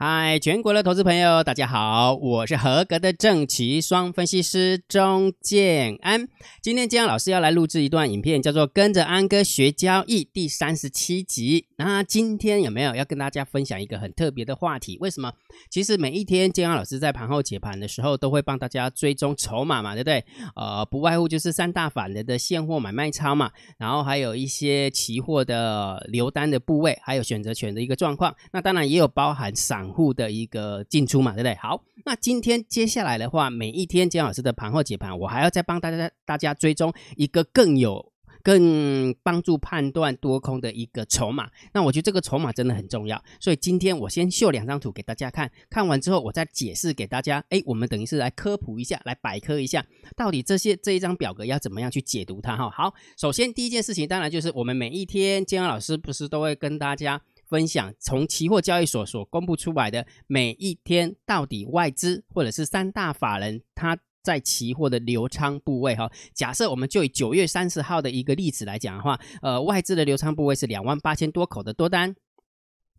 嗨，全國的投資朋友，大家好，我是合格的證期雙分析師鍾建安。今天建安老師要來錄制一段影片，叫做《跟着安哥學交易》第三十七集。那今天有沒有要跟大家分享一個很特別的話題？為什麼？其實每一天建安老師在盤後解盤的時候，都會幫大家追蹤籌碼嘛，對不對？呃，不外乎就是三大法人的現貨買賣超嘛，然後還有一些期貨的留單的部位，還有選擇權的一個狀況。那當然也有包含散。戶的一個進出嘛，對不對？好，那今天接下來的話，每一天姜老師的盤後解盤，我還要再幫大家大家追蹤一個更有、更幫助判斷多空的一個籌碼。那我覺得這個籌碼真的很重要，所以今天我先秀兩張圖給大家看，看完之後我再解釋給大家。哎，我們等於是來科普一下，來百科一下，到底這些這一張表格要怎麼樣去解讀它哈、哦。好，首先第一件事情，當然就是我們每一天姜老師不是都會跟大家。分享從期貨交易所所公布出來的每一天，到底外資或者是三大法人他在期貨的流倉部位哈、哦。假設我們就以九月三十號的一個例子來講的話，呃，外資的流倉部位是兩萬八千多口的多單，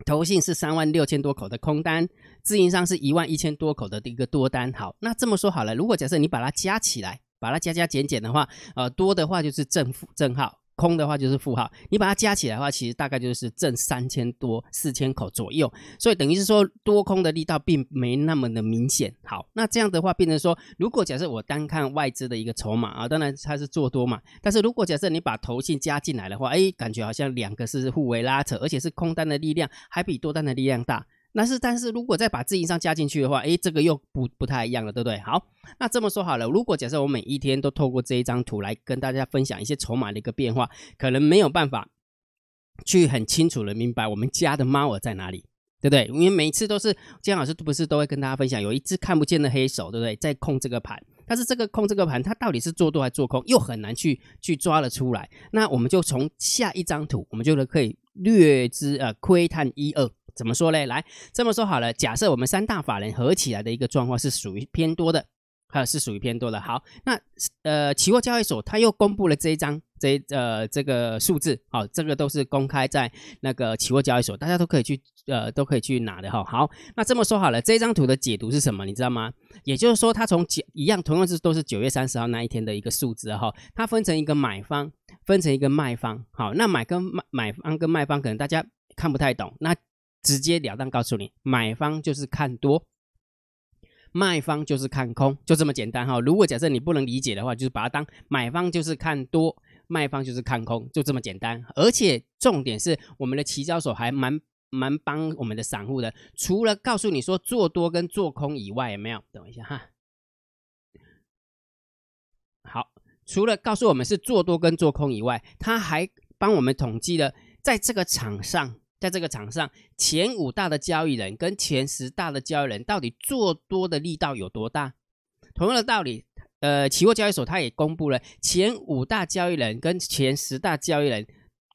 投信是三萬六千多口的空單，自營商是一萬一千多口的一個多單。好，那這麼說好了，如果假設你把它加起來，把它加加減減的話，呃，多的話就是正負正號。空的話就是負號，你把它加起來的話，其實大概就是淨三千多四千口左右，所以等於是說多空的力道並沒那麼的明顯。好，那這樣的話變成說，如果假設我單看外資的一個籌碼啊，當然它是做多嘛，但是如果假設你把投信加進來的話，哎，感覺好像兩個是互為拉扯，而且是空單的力量還比多單的力量大。那是，但是如果再把自營商加進去的話，誒，這個又不不太一樣了，對不對？好，那這麼說好了，如果假設我每一天都透過這一張圖來跟大家分享一些籌碼的一個變化，可能沒有辦法去很清楚的明白我們家的貓兒在哪裡，對不對？因為每次都是建安老師不是都會跟大家分享，有一隻看不見的黑手，對不對，在控這個盤？但是這個控這個盤，它到底是做多還做空，又很難去去抓了出來。那我們就從下一張圖，我們就可以略知呃、啊、窺探一二。怎麼說呢？來這麼說好了，假設我們三大法人合起來的一個狀況是屬於偏多的，哈、啊，是屬於偏多的。好，那呃，期貨交易所他又公布了這一張這，這呃，這個數字，好、哦，這個都是公開在那個期貨交易所，大家都可以去呃，都可以去拿的哈、哦。好，那這麼說好了，這一張圖的解讀是什麼？你知道嗎？也就是說，它從一樣，同樣是都是九月三十號那一天的一個數字，哈、哦，它分成一個買方，分成一個賣方。好，那買跟賣，買方跟賣方，可能大家看不太懂。那直接了當告訴你，買方就是看多，賣方就是看空，就這麼簡單哈、哦。如果假設你不能理解的話，就是把它當買方就是看多，賣方就是看空，就這麼簡單。而且重點是，我們的期交所還蠻蠻幫我們的散戶的。除了告訴你說做多跟做空以外，有沒有？等一下哈。好，除了告訴我們是做多跟做空以外，他還幫我們統計了在這個場上。在這個場上，前五大的交易人跟前十大的交易人到底做多的力道有多大？同樣的道理，呃，期貨交易所它也公布了前五大交易人跟前十大交易人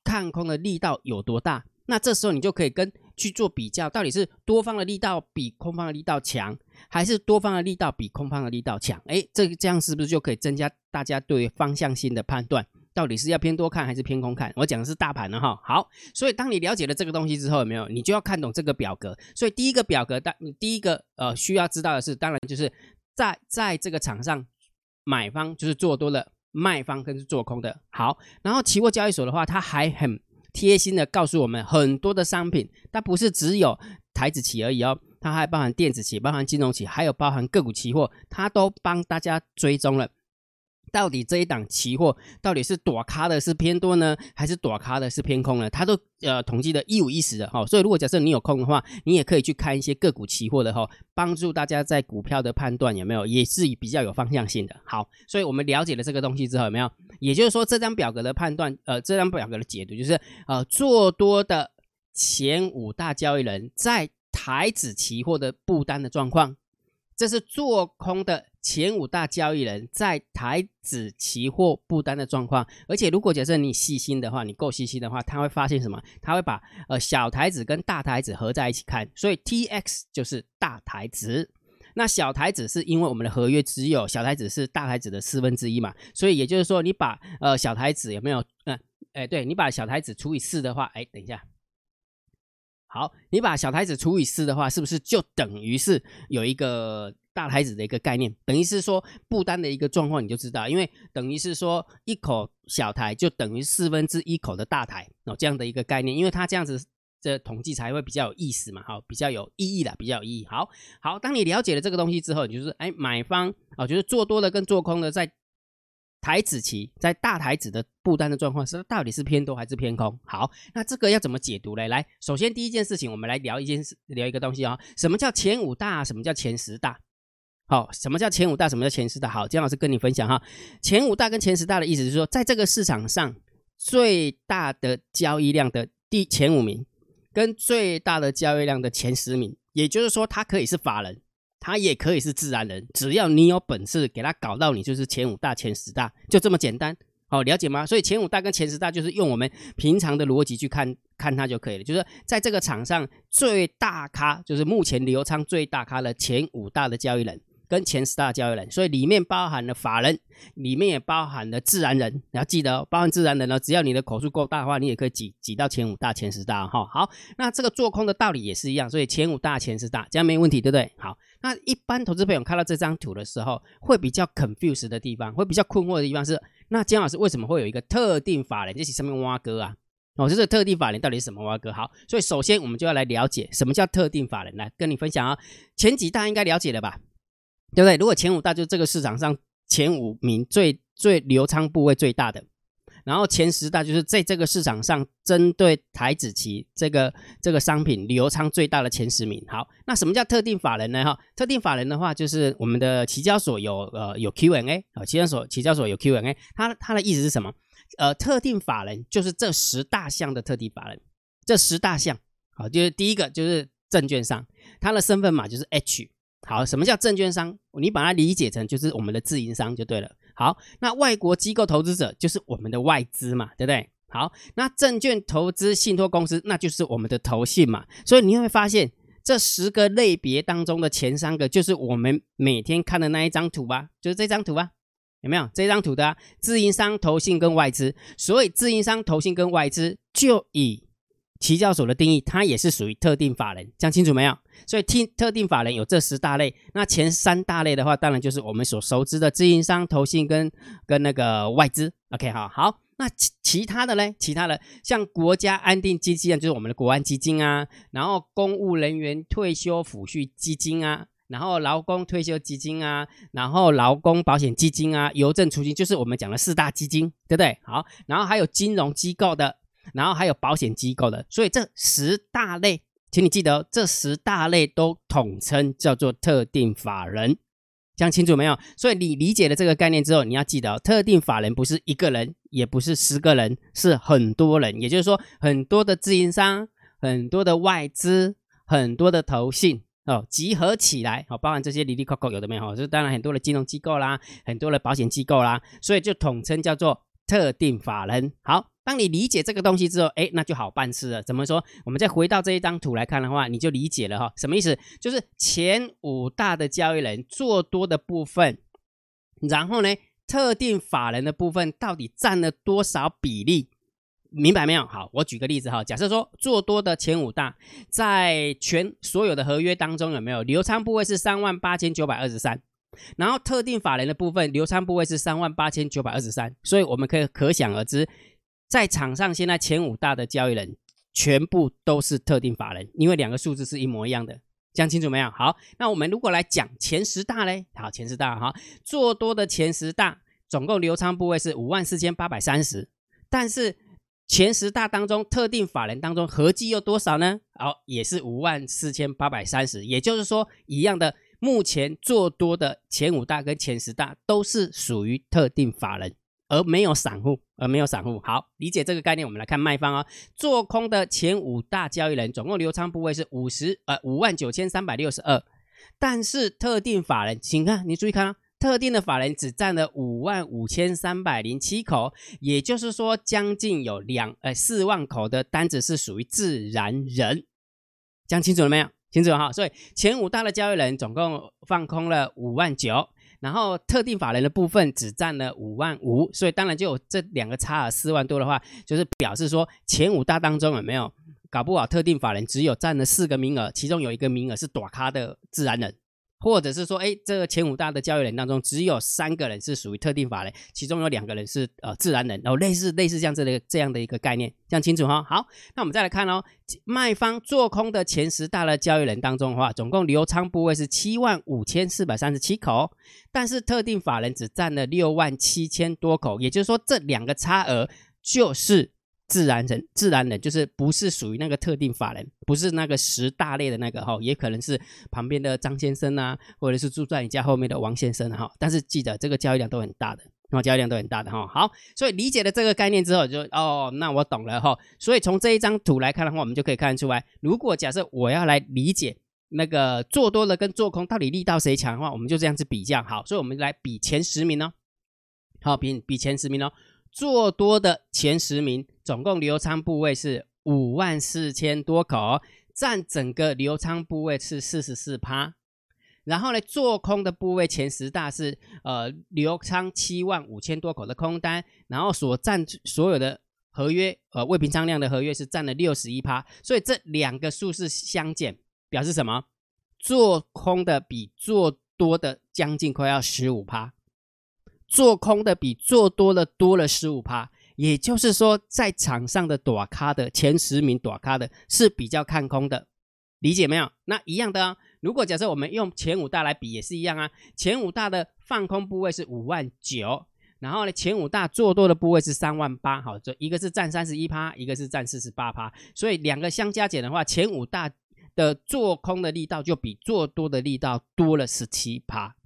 看空的力道有多大。那這時候你就可以跟去做比較，到底是多方的力道比空方的力道強，還是多方的力道比空方的力道強？哎，這這樣是不是就可以增加大家對於方向性的判斷？到底是要偏多看還是偏空看？我講的是大盤的哈。好，所以當你了解了這個東西之後，有沒有？你就要看懂這個表格。所以第一個表格，但你第一個呃需要知道的是，當然就是在在這個場上，買方就是做多的，賣方跟是做空的。好，然後期貨交易所的話，它還很貼心的告訴我們很多的商品，它不是只有台指期而已哦，它還包含電子期，包含金融期，還有包含個股期貨，它都幫大家追蹤了。到底這一檔期貨到底是大咖的是偏多呢，還是大咖的是偏空呢？他都呃統計的一五一十的哈、哦，所以如果假設你有空的話，你也可以去看一些個股期貨的哈、哦，幫助大家在股票的判斷有沒有也是比較有方向性的。好，所以我們了解了這個東西之後，有沒有？也就是說這張表格的判斷，呃，這張表格的解讀就是呃做多的前五大交易人在台指期貨的佈單的狀況，這是做空的。前五大交易人在台指期貨不單的狀況，而且如果假設你細心的話，你夠細心的話，他會發現什麼？他會把呃小台指跟大台指合在一起看。所以 T X 就是大台指。那小台指是因為我們的合約只有小台指是大台指的四分之一嘛，所以也就是說，你把呃小台指有沒有？嗯，哎，對你把小台指除以四的話，哎，等一下，好，你把小台指除以四的話，是不是就等於是有一個？大台子的一個概念，等於是說布單的一個狀況，你就知道，因為等於是說一口小台就等於四分之一口的大台哦，這樣的一個概念，因為它這樣子的統計才會比較有意思嘛，好、哦，比較有意義的，比較有意義。好好，當你了解了這個東西之後，你就是哎買方啊、哦，就是做多的跟做空的在台子期，在大台子的布單的狀況是到底是偏多還是偏空？好，那這個要怎麼解讀嘞？來，首先第一件事情，我們來聊一件事，聊一個東西啊、哦，什麼叫前五大？什麼叫前十大？哦，什麼叫前五大？什麼叫前十大？好，建安老師跟你分享哈，前五大跟前十大的意思就是說，在這個市場上最大的交易量的第前五名，跟最大的交易量的前十名，也就是說，他可以是法人，他也可以是自然人，只要你有本事給他搞到，你就是前五大、前十大，就這麼簡單。好、哦，了解嗎？所以前五大跟前十大就是用我們平常的邏輯去看看它就可以了，就是在這個場上最大咖，就是目前留倉最大咖的前五大的交易人。跟前十大交易人，所以裡面包含了法人，裡面也包含了自然人。你要記得、哦，包含自然人呢、哦，只要你的口數夠大的話，你也可以擠擠到前五大、前十大哈、哦。好，那這個做空的道理也是一樣，所以前五大、前十大這樣沒問題，對不對？好，那一般投資朋友看到這張圖的時候，會比較 confuse 的地方，會比較困惑的地方是，那江老師為什麼會有一個特定法人這是上面挖割啊？哦，就是特定法人到底是什麼挖割？好，所以首先我們就要來了解什麼叫特定法人。來跟你分享啊、哦，前幾大應該了解了吧？對不對？如果前五大就是這個市場上前五名最最留倉、部位最大的，然後前十大就是在這個市場上針對台指期這個這個商品留倉最大的前十名。好，那什麼叫特定法人呢？哈，特定法人的話就是我們的期交所有呃、有 Q&A 啊，期交所、期交所有 Q&A，它它的意思是什麼？呃，特定法人就是這十大項的特定法人，這十大項好，就是第一個就是證券商，它的身份碼就是 H。好，什麼叫證券商？你把它理解成就是我們的自營商就對了。好，那外國機構投資者就是我們的外資嘛，對不對？好，那證券投資信託公司那就是我們的投信嘛。所以你會發現這十個類別當中的前三個就是我們每天看的那一張圖吧，啊，就是這張圖吧，啊，有沒有這張圖的、啊、自營商、投信跟外資？所以自營商、投信跟外資就以。期交所的定義，它也是屬於特定法人，講清楚沒有？所以聽特定法人有這十大類，那前三大類的話，當然就是我們所熟知的自營商、投信跟跟那個外資。OK，好，好，那其其他的呢？其他的像國家安定基金，就是我們的國安基金啊，然後公務人員退休撫恤基金啊，然後勞工退休基金啊，然後勞工保險基金啊，郵政儲蓄就是我們講的四大基金，對不對？好，然後還有金融機構的。然後還有保險機構的，所以這十大類，請你記得、哦，這十大類都統稱叫做特定法人，這樣清楚沒有？所以你理解了這個概念之後，你要記得、哦，特定法人不是一個人，也不是十個人，是很多人。也就是說，很多的自營商、很多的外資、很多的投信哦，集合起來、哦，包含這些里里扣扣有的沒有、哦？就是當然很多的金融機構啦，很多的保險機構啦，所以就統稱叫做特定法人，好。當你理解這個東西之後，哎，那就好辦事了。怎麼說？我們再回到這一張圖來看的話，你就理解了哈。什麼意思？就是前五大的交易人做多的部分，然後呢，特定法人的部分到底占了多少比例？明白沒有？好，我舉個例子哈。假設說做多的前五大在全所有的合約當中有沒有留倉部位是三萬八千九百二十三，然後特定法人的部分留倉部位是三萬八千九百二十三，所以我們可以可想而知。在場上，現在前五大的交易人全部都是特定法人，因為兩個數字是一模一樣的，講清楚沒有？好，那我們如果來講前十大嘞，好，前十大哈，做多的前十大總共留倉部位是五萬四千八百三十，但是前十大當中特定法人當中合計有多少呢？好，也是五萬四千八百三十，也就是說一樣的。目前做多的前五大跟前十大都是屬於特定法人。而沒有散戶，而沒有散戶，好，理解這個概念。我們來看賣方啊、哦，做空的前五大交易人總共留倉部位是五十呃五萬九千三百六十二，但是特定法人，請看，你注意看啊，特定的法人只佔了五萬五千三百零七口，也就是說，將近有兩呃四萬口的單子是屬於自然人，講清楚了沒有？清楚了哈。所以前五大的交易人總共放空了五萬九。然後特定法人的部分只占了五萬五，所以當然就有這兩個差額四萬多的話，就是表示說前五大當中有沒有搞不好特定法人只有占了四個名額，其中有一個名額是大咖的自然人。或者是說，哎，這個前五大的交易人當中，只有三個人是屬於特定法人，其中有兩個人是呃自然人，然後類似類似像這個這樣的一個概念，這樣清楚哈、哦。好，那我們再來看哦，賣方做空的前十大的交易人當中的話，總共留倉部位是七萬五千四百三十七口，但是特定法人只佔了六萬七千多口，也就是說，這兩個差額就是。自然人，自然人就是不是屬於那個特定法人，不是那個十大類的那個哈、哦，也可能是旁邊的張先生吶、啊，或者是住在你家後面的王先生哈、哦。但是記得這個交易量都很大的，然後交易量都很大的哈、哦。好，所以理解了這個概念之後，就哦，那我懂了哈、哦。所以從這一張圖來看的話，我們就可以看得出來，如果假設我要來理解那個做多了跟做空到底力道誰強的話，我們就這樣子比較好。所以我們來比前十名哦，好、哦，比比前十名哦，做多的前十名。總共流倉部位是五萬四千多口，占整個流倉部位是四十四趴。然後呢，做空的部位前十大是呃流倉七萬五千多口的空單，然後所占所有的合約呃未平倉量的合約是占了六十一趴。所以這兩個數字相減，表示什麼？做空的比做多的將近快要十五趴，做空的比做多的多了十五趴。也就是說，在場上的短咖的前十名短咖的是比較看空的，理解沒有？那一樣的，啊，如果假設我們用前五大來比，也是一樣啊。前五大的放空部位是五萬九，然後呢，前五大做多的部位是三萬八，好，這一個是占三十一趴，一個是占四十八趴，所以兩個相加減的話，前五大的做空的力道就比做多的力道多了十七趴，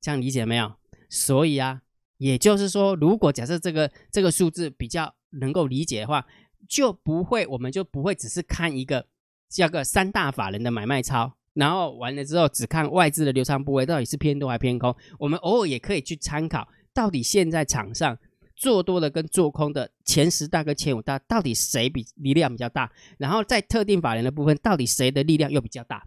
這樣理解沒有？所以啊。也就是說，如果假設這個這個數字比較能夠理解的話，就不會，我們就不會只是看一個叫個三大法人的買賣超，然後完了之後只看外資的留倉部位到底是偏多還偏空。我們偶爾也可以去參考，到底現在場上做多的跟做空的前十大跟前五大到底誰比力量比較大？然後在特定法人的部分，到底誰的力量又比較大？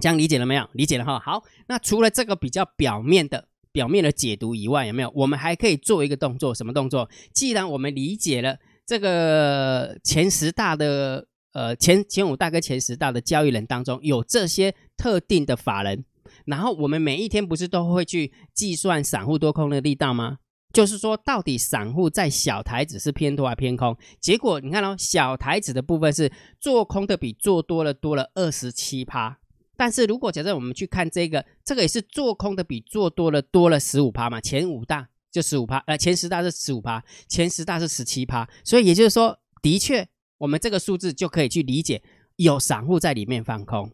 這樣理解了沒有？理解了哈。好，那除了這個比較表面的。表面的解讀以外，有沒有？我們還可以做一個動作，什麼動作？既然我們理解了這個前十大的呃前前五大跟前十大的交易人當中有這些特定的法人，然後我們每一天不是都會去計算散戶多空的力道嗎？就是說，到底散戶在小台子是偏多還是偏空？結果你看哦，小台子的部分是做空的比做多的多了二十七趴。但是如果假設我們去看這個，這個也是做空的比做多的多了十五趴嘛，前五大就十五趴，呃，前十大是十五趴，前十大是十七趴，所以也就是說，的確，我們這個數字就可以去理解，有散戶在裡面放空，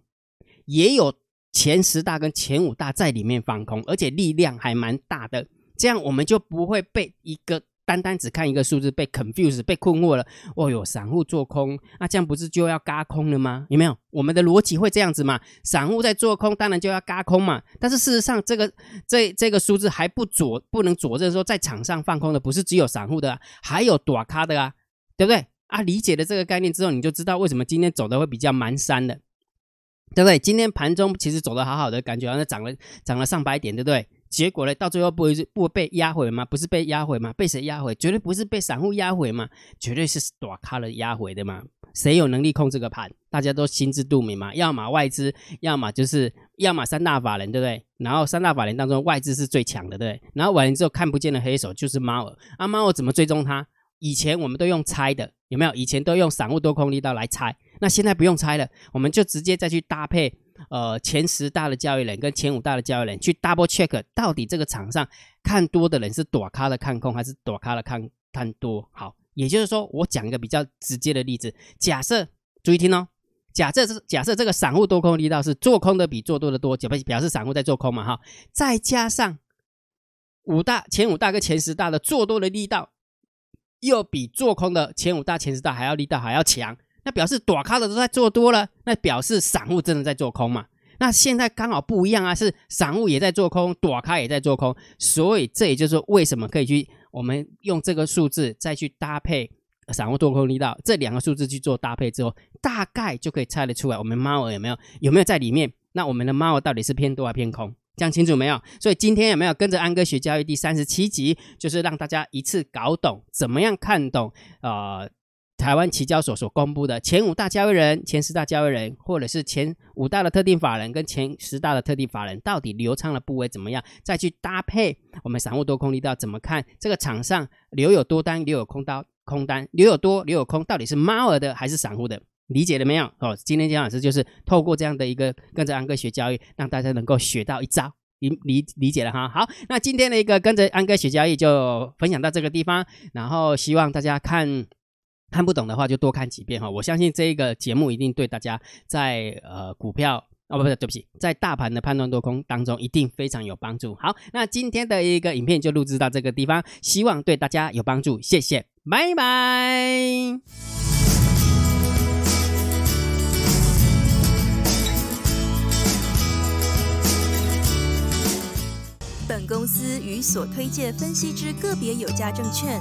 也有前十大跟前五大在裡面放空，而且力量還蠻大的，這樣我們就不會被一個。單單只看一個數字被 confuse 被困惑了。哦喲，散戶做空，那、啊、這樣不是就要嘎空了嗎？有沒有我們的邏輯會這樣子嘛？散戶在做空，當然就要嘎空嘛。但是事實上、這個，這個這這個數字還不佐，不能佐證說在場上放空的不是只有散戶的，啊，還有大咖的啊，對不對？啊，理解了這個概念之後，你就知道為什麼今天走的會比較蹣跚的，對不對？今天盤中其實走的好好的，感覺好像漲了漲了上百點，對不對？結果呢，到最後不會不被壓回嗎？不是被壓回嗎？被誰壓回？絕對不是被散戶壓回嗎？絕對是大咖了壓回的嘛。誰有能力控這個盤？大家都心知肚明嘛。要麼外資，要麼就是要麼三大法人，對不對？然後三大法人當中外資是最強的，對不對？然後完了之後看不見的黑手就是貓兒啊，貓兒怎麼追蹤它？以前我們都用猜的，有沒有？以前都用散戶多空力道來猜，那現在不用猜了，我們就直接再去搭配。呃，前十大的交易人跟前五大的交易人去 double check，到底這個場上看多的人是大咖的看空，還是大咖的看看多？好，也就是說，我講一個比較直接的例子，假設注意聽哦，假設是假設這個散戶多空的力道是做空的比做多的多，就表表示散戶在做空嘛哈，再加上五大前五大跟前十大的做多的力道又比做空的前五大前十大還要力道還要強。那表示大咖的都在做多了，那表示散戶真的在做空嘛？那現在剛好不一樣啊，是散戶也在做空，大咖也在做空，所以這也就是為什麼可以去我們用這個數字，再去搭配散戶做空力道這兩個數字去做搭配之後，大概就可以猜得出來，我們貓兒有沒有有沒有在裡面？那我們的貓兒到底是偏多還是偏空？講清楚沒有？所以今天有沒有跟着安哥學交易第三十七集，就是讓大家一次搞懂怎麼樣看懂啊、呃？台灣期交所所公布的前五大交易人、前十大交易人，或者是前五大的特定法人跟前十大的特定法人，到底流暢的部位怎麼樣？再去搭配我們散戶多空力道怎麼看？這個場上留有多單、留有空刀、空單、留有多、留有空，到底是貓兒的還是散戶的？理解了沒有？哦，今天建老師就是透過這樣的一個跟着安哥學交易，讓大家能夠學到一招，理理理解了哈。好，那今天的一個跟着安哥學交易就分享到這個地方，然後希望大家看。看不懂的話就多看幾遍哈，哦，我相信這一個節目一定對大家在呃股票哦，不是對不起，在大盤的判斷多空當中一定非常有幫助。好，那今天的一個影片就錄製到這個地方，希望對大家有幫助，謝謝，拜拜。本公司與所推薦分析之個別有價證券